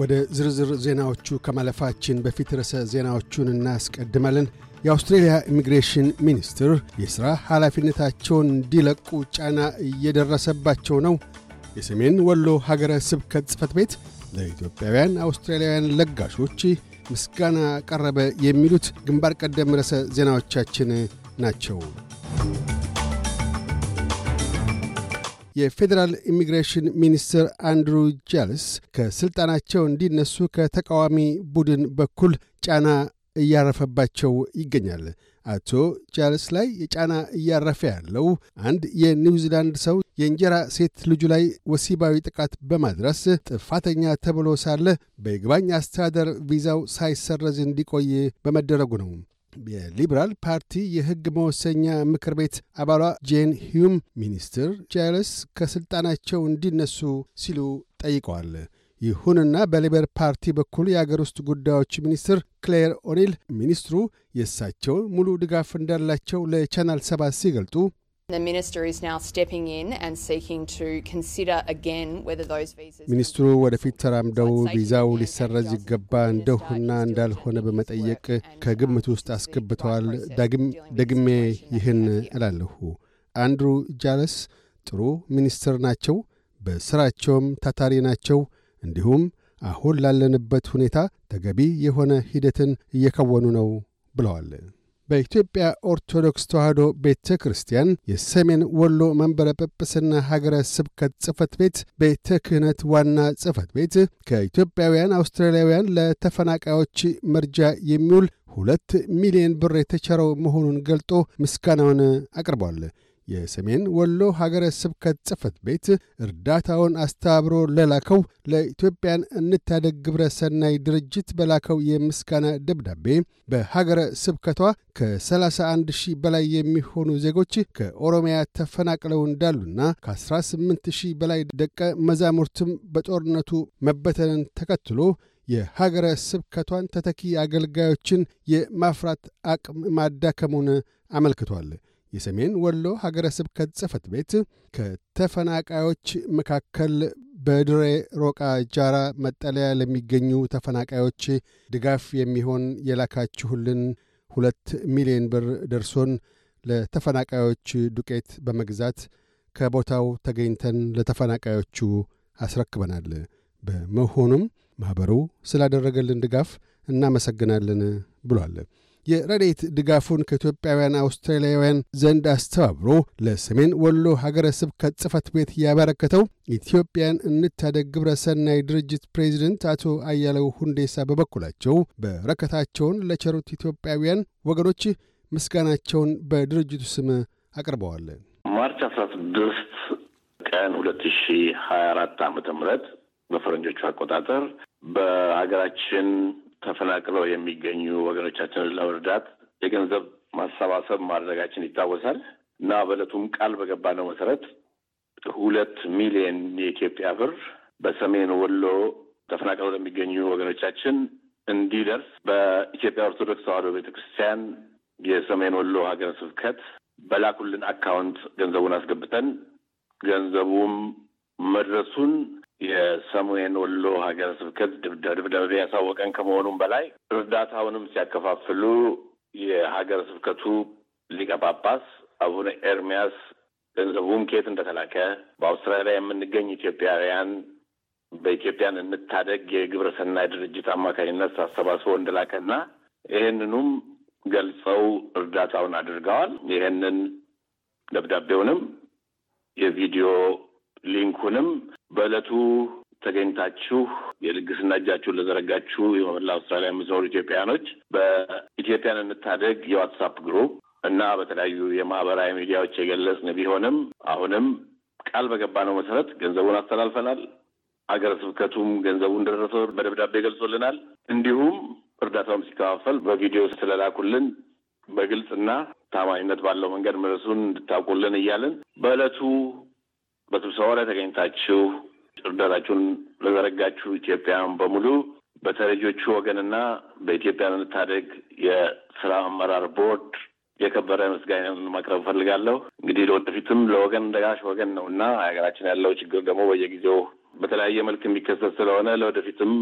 ወደ ዝርዝር ዜናዎቹ ከማለፋችን በፊት ርዕሰ ዜናዎቹን እናስቀድማለን። የአውስትሬልያ ኢሚግሬሽን ሚኒስትር የሥራ ኃላፊነታቸውን እንዲለቁ ጫና እየደረሰባቸው ነው። የሰሜን ወሎ ሀገረ ስብከት ጽፈት ቤት ለኢትዮጵያውያን አውስትራሊያውያን ለጋሾች ምስጋና ቀረበ። የሚሉት ግንባር ቀደም ርዕሰ ዜናዎቻችን ናቸው። የፌዴራል ኢሚግሬሽን ሚኒስትር አንድሩ ጃልስ ከሥልጣናቸው እንዲነሱ ከተቃዋሚ ቡድን በኩል ጫና እያረፈባቸው ይገኛል። አቶ ጃልስ ላይ የጫና እያረፈ ያለው አንድ የኒውዚላንድ ሰው የእንጀራ ሴት ልጁ ላይ ወሲባዊ ጥቃት በማድረስ ጥፋተኛ ተብሎ ሳለ በይግባኝ አስተዳደር ቪዛው ሳይሰረዝ እንዲቆይ በመደረጉ ነው። የሊበራል ፓርቲ የሕግ መወሰኛ ምክር ቤት አባሏ ጄን ሂዩም ሚኒስትር ጃይለስ ከሥልጣናቸው እንዲነሱ ሲሉ ጠይቀዋል። ይሁንና በሊበር ፓርቲ በኩል የአገር ውስጥ ጉዳዮች ሚኒስትር ክሌር ኦኒል ሚኒስትሩ የእሳቸው ሙሉ ድጋፍ እንዳላቸው ለቻናል ሰባት ሲገልጡ ሚኒስትሩ ወደፊት ተራምደው ቪዛው ሊሰረዝ ይገባ እንደሁና እንዳልሆነ በመጠየቅ ከግምት ውስጥ አስገብተዋል። ደግሜ ይህን እላለሁ። አንድሩ ጃለስ ጥሩ ሚኒስትር ናቸው፣ በሥራቸውም ታታሪ ናቸው። እንዲሁም አሁን ላለንበት ሁኔታ ተገቢ የሆነ ሂደትን እየከወኑ ነው ብለዋል። በኢትዮጵያ ኦርቶዶክስ ተዋሕዶ ቤተ ክርስቲያን የሰሜን ወሎ መንበረ ጵጵስና ሀገረ ስብከት ጽፈት ቤት ቤተ ክህነት ዋና ጽፈት ቤት ከኢትዮጵያውያን አውስትራሊያውያን ለተፈናቃዮች መርጃ የሚውል ሁለት ሚሊዮን ብር የተቸረው መሆኑን ገልጦ ምስጋናውን አቅርቧል። የሰሜን ወሎ ሀገረ ስብከት ጽፈት ቤት እርዳታውን አስተባብሮ ለላከው ለኢትዮጵያን እንታደግ ግብረ ሰናይ ድርጅት በላከው የምስጋና ደብዳቤ በሀገረ ስብከቷ ከ31 ሺህ በላይ የሚሆኑ ዜጎች ከኦሮሚያ ተፈናቅለው እንዳሉና ከ18 ሺህ በላይ ደቀ መዛሙርትም በጦርነቱ መበተንን ተከትሎ የሀገረ ስብከቷን ተተኪ አገልጋዮችን የማፍራት አቅም ማዳከሙን አመልክቷል። የሰሜን ወሎ ሀገረ ስብከት ጽሕፈት ቤት ከተፈናቃዮች መካከል በድሬ ሮቃ ጃራ መጠለያ ለሚገኙ ተፈናቃዮች ድጋፍ የሚሆን የላካችሁልን ሁለት ሚሊዮን ብር ደርሶን ለተፈናቃዮች ዱቄት በመግዛት ከቦታው ተገኝተን ለተፈናቃዮቹ አስረክበናል። በመሆኑም ማኅበሩ ስላደረገልን ድጋፍ እናመሰግናለን ብሏል። የረዴት ድጋፉን ከኢትዮጵያውያን አውስትራሊያውያን ዘንድ አስተባብሮ ለሰሜን ወሎ ሀገረ ስብከት ከጽፈት ቤት ያበረከተው ኢትዮጵያን እንታደግ ግብረ ሰናይ ድርጅት ፕሬዚደንት አቶ አያለው ሁንዴሳ በበኩላቸው በረከታቸውን ለቸሩት ኢትዮጵያውያን ወገኖች ምስጋናቸውን በድርጅቱ ስም አቅርበዋል። ማርች አስራ ስድስት ቀን ሁለት ሺ ሀያ አራት ዓመተ ምህረት በፈረንጆቹ አቆጣጠር በሀገራችን ተፈናቅለው የሚገኙ ወገኖቻችንን ለመርዳት የገንዘብ ማሰባሰብ ማድረጋችን ይታወሳል እና በዕለቱም ቃል በገባነው መሰረት ሁለት ሚሊዮን የኢትዮጵያ ብር በሰሜን ወሎ ተፈናቅለው ለሚገኙ ወገኖቻችን እንዲደርስ በኢትዮጵያ ኦርቶዶክስ ተዋሕዶ ቤተክርስቲያን የሰሜን ወሎ ሀገረ ስብከት በላኩልን አካውንት ገንዘቡን አስገብተን ገንዘቡም መድረሱን የሰሜን ወሎ ሀገረ ስብከት ደብዳቤ ያሳወቀን ከመሆኑም በላይ እርዳታውንም ሲያከፋፍሉ የሀገረ ስብከቱ ሊቀ ጳጳስ አቡነ ኤርሚያስ ገንዘቡም ከየት እንደተላከ በአውስትራሊያ የምንገኝ ኢትዮጵያውያን በኢትዮጵያን እንታደግ የግብረ ሰናይ ድርጅት አማካኝነት አሰባስቦ እንደላከና ይህንኑም ገልጸው እርዳታውን አድርገዋል። ይህንን ደብዳቤውንም የቪዲዮ ሊንኩንም በዕለቱ ተገኝታችሁ የልግስና እጃችሁን ለዘረጋችሁ የመላ አውስትራሊያ የምትኖሩ ኢትዮጵያውያኖች በኢትዮጵያን እንታደግ የዋትሳፕ ግሩፕ እና በተለያዩ የማህበራዊ ሚዲያዎች የገለጽን ቢሆንም አሁንም ቃል በገባነው መሰረት ገንዘቡን አስተላልፈናል። ሀገረ ስብከቱም ገንዘቡ እንደደረሰ በደብዳቤ ገልጾልናል። እንዲሁም እርዳታውም ሲከፋፈል በቪዲዮ ስለላኩልን በግልጽና ታማኝነት ባለው መንገድ መድረሱን እንድታውቁልን እያልን በዕለቱ በስብሰባው ላይ ተገኝታችሁ እርዳታችሁን ለዘረጋችሁ ኢትዮጵያውያን በሙሉ በተረጆቹ ወገንና በኢትዮጵያ እንታደግ የስራ አመራር ቦርድ የከበረ ምስጋናን ማቅረብ እፈልጋለሁ። እንግዲህ ለወደፊትም ለወገን ደጋሽ ወገን ነው እና ሀገራችን ያለው ችግር ደግሞ በየጊዜው በተለያየ መልክ የሚከሰት ስለሆነ ለወደፊትም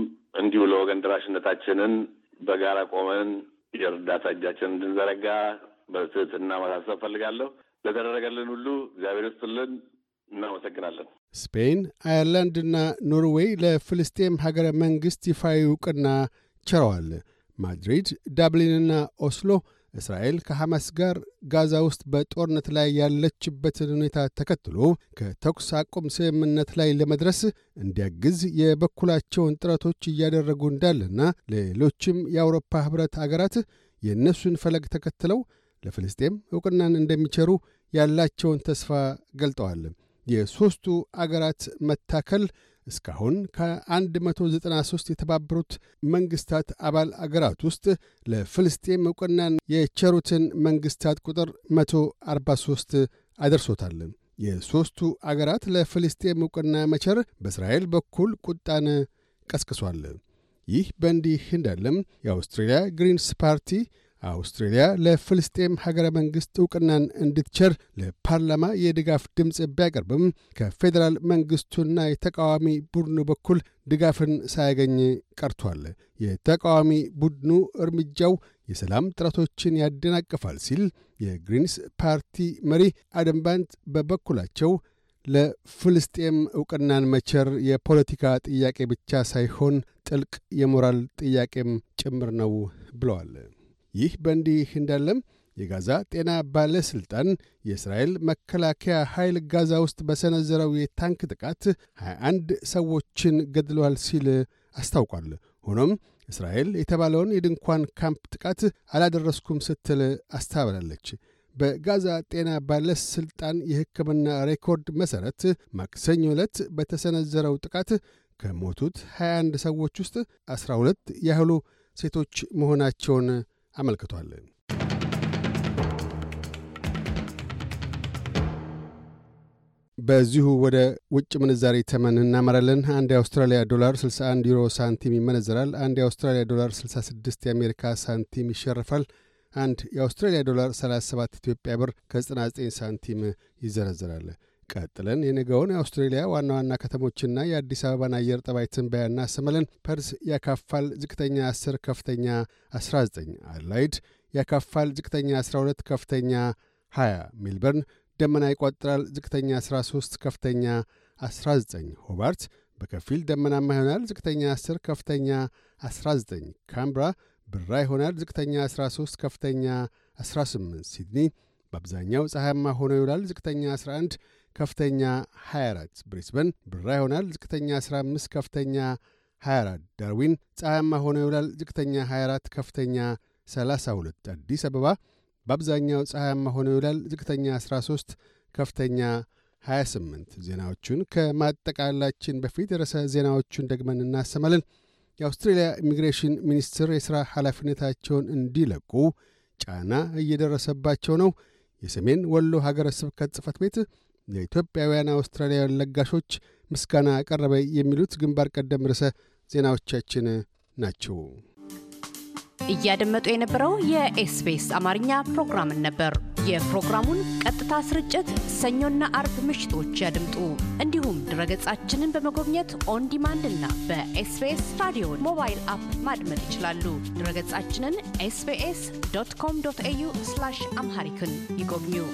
እንዲሁ ለወገን ደራሽነታችንን በጋራ ቆመን የእርዳታ እጃችን እንድንዘረጋ በትህትና ማሳሰብ እፈልጋለሁ። ለተደረገልን ሁሉ እግዚአብሔር ይስጥልን። እናመሰግናለን። ስፔን፣ አየርላንድና ኖርዌይ ለፍልስጤም ሀገረ መንግሥት ይፋዊ ዕውቅና ችረዋል። ማድሪድ፣ ዳብሊንና ኦስሎ እስራኤል ከሐማስ ጋር ጋዛ ውስጥ በጦርነት ላይ ያለችበትን ሁኔታ ተከትሎ ከተኩስ አቁም ስምምነት ላይ ለመድረስ እንዲያግዝ የበኩላቸውን ጥረቶች እያደረጉ እንዳለና ሌሎችም የአውሮፓ ኅብረት አገራት የእነሱን ፈለግ ተከትለው ለፍልስጤም ዕውቅናን እንደሚቸሩ ያላቸውን ተስፋ ገልጠዋል። የሦስቱ አገራት መታከል እስካሁን ከ193 የተባበሩት መንግሥታት አባል አገራት ውስጥ ለፍልስጤም ዕውቅናን የቸሩትን መንግሥታት ቁጥር 143 አደርሶታል። የሦስቱ አገራት ለፍልስጤም ዕውቅና መቸር በእስራኤል በኩል ቁጣን ቀስቅሷል። ይህ በእንዲህ እንዳለም የአውስትሬልያ ግሪንስ ፓርቲ አውስትሬልያ ለፍልስጤም ሀገረ መንግሥት ዕውቅናን እንድትቸር ለፓርላማ የድጋፍ ድምፅ ቢያቀርብም ከፌዴራል መንግሥቱና የተቃዋሚ ቡድኑ በኩል ድጋፍን ሳያገኝ ቀርቷል። የተቃዋሚ ቡድኑ እርምጃው የሰላም ጥረቶችን ያደናቅፋል ሲል የግሪንስ ፓርቲ መሪ አደም ባንት በበኩላቸው ለፍልስጤም ዕውቅናን መቸር የፖለቲካ ጥያቄ ብቻ ሳይሆን ጥልቅ የሞራል ጥያቄም ጭምር ነው ብለዋል። ይህ በእንዲህ እንዳለም የጋዛ ጤና ባለሥልጣን የእስራኤል መከላከያ ኃይል ጋዛ ውስጥ በሰነዘረው የታንክ ጥቃት 21 ሰዎችን ገድሏል ሲል አስታውቋል። ሆኖም እስራኤል የተባለውን የድንኳን ካምፕ ጥቃት አላደረስኩም ስትል አስተባብላለች። በጋዛ ጤና ባለሥልጣን የሕክምና ሬኮርድ መሠረት ማክሰኞ ዕለት በተሰነዘረው ጥቃት ከሞቱት 21 ሰዎች ውስጥ 12 ያህሉ ሴቶች መሆናቸውን አመልክቷል። በዚሁ ወደ ውጭ ምንዛሪ ተመን እናመራለን። አንድ የአውስትራሊያ ዶላር 61 ዩሮ ሳንቲም ይመነዘራል። አንድ የአውስትራሊያ ዶላር 66 የአሜሪካ ሳንቲም ይሸርፋል። አንድ የአውስትራሊያ ዶላር 37 ኢትዮጵያ ብር ከ99 ሳንቲም ይዘረዘራል። ቀጥለን የነገውን የአውስትሬሊያ ዋና ዋና ከተሞችና የአዲስ አበባን አየር ጠባይ ትንበያና ሰመለን። ፐርስ ያካፋል፣ ዝቅተኛ 10 ከፍተኛ 19። አድላይድ ያካፋል፣ ዝቅተኛ 12 ከፍተኛ 20። ሜልበርን ደመና ይቋጥራል፣ ዝቅተኛ 13 ከፍተኛ 19። ሆባርት በከፊል ደመናማ ይሆናል፣ ዝቅተኛ 10 ከፍተኛ 19። ካምብራ ብራ ይሆናል፣ ዝቅተኛ 13 ከፍተኛ 18። ሲድኒ በአብዛኛው ፀሐያማ ሆኖ ይውላል፣ ዝቅተኛ 11 ከፍተኛ 24፣ ብሪስበን ብራ ይሆናል። ዝቅተኛ 15፣ ከፍተኛ 24፣ ዳርዊን ፀሐያማ ሆኖ ይውላል። ዝቅተኛ 24፣ ከፍተኛ 32፣ አዲስ አበባ በአብዛኛው ፀሐያማ ሆኖ ይውላል። ዝቅተኛ 13፣ ከፍተኛ 28። ዜናዎቹን ከማጠቃላችን በፊት ርዕሰ ዜናዎቹን ደግመን እናሰማለን። የአውስትሬልያ ኢሚግሬሽን ሚኒስትር የሥራ ኃላፊነታቸውን እንዲለቁ ጫና እየደረሰባቸው ነው። የሰሜን ወሎ ሀገረ ስብከት ጽፈት ቤት ለኢትዮጵያውያን አውስትራሊያውያን ለጋሾች ምስጋና ቀረበ የሚሉት ግንባር ቀደም ርዕሰ ዜናዎቻችን ናቸው። እያደመጡ የነበረው የኤስቢኤስ አማርኛ ፕሮግራምን ነበር። የፕሮግራሙን ቀጥታ ስርጭት ሰኞና አርብ ምሽቶች ያድምጡ። እንዲሁም ድረገጻችንን በመጎብኘት ኦንዲማንድ እና በኤስቢኤስ ራዲዮ ሞባይል አፕ ማድመጥ ይችላሉ። ድረገጻችንን ኤስቢኤስ ዶት ኮም ዶት ኤዩ አምሃሪክን ይጎብኙ።